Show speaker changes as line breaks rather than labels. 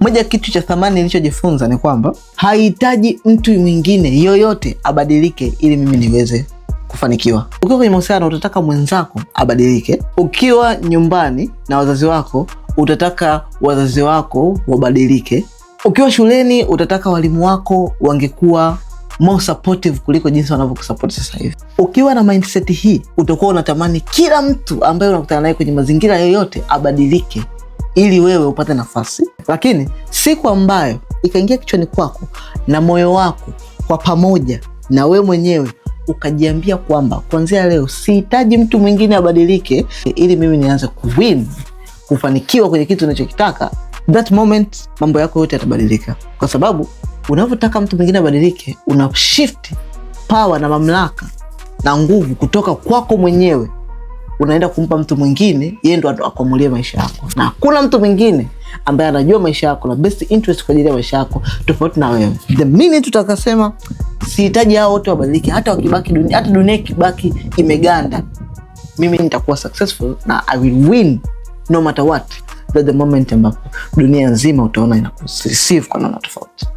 Moja kitu cha thamani nilichojifunza ni kwamba hahitaji mtu mwingine yoyote abadilike ili mimi niweze kufanikiwa. Ukiwa kwenye mahusiano utataka mwenzako abadilike. Ukiwa nyumbani na wazazi wako utataka wazazi wako wabadilike. Ukiwa shuleni utataka walimu wako wangekuwa more supportive kuliko jinsi wanavyokusupport sasa hivi. Ukiwa na mindset hii utakuwa unatamani kila mtu ambaye unakutana naye kwenye mazingira yoyote abadilike ili wewe upate nafasi, lakini siku ambayo ikaingia kichwani kwako na moyo wako kwa pamoja na wewe mwenyewe ukajiambia kwamba kuanzia leo sihitaji mtu mwingine abadilike ili mimi nianze kuwin kufanikiwa kwenye kitu unachokitaka, that moment mambo yako yote yatabadilika, kwa sababu unavyotaka mtu mwingine abadilike, una shift power na mamlaka na nguvu kutoka kwako mwenyewe unaenda kumpa mtu mwingine, yeye ndo akuamulie maisha yako, na hakuna mtu mwingine ambaye anajua maisha yako na best interest kwa ajili ya maisha yako tofauti na wewe. The minute tutakasema sihitaji hao wote wabadilike, hata wakibaki dunia, hata dunia ikibaki imeganda, mimi nitakuwa successful na I will win no matter what. the moment ambapo dunia nzima utaona inakureceive kwa namna tofauti.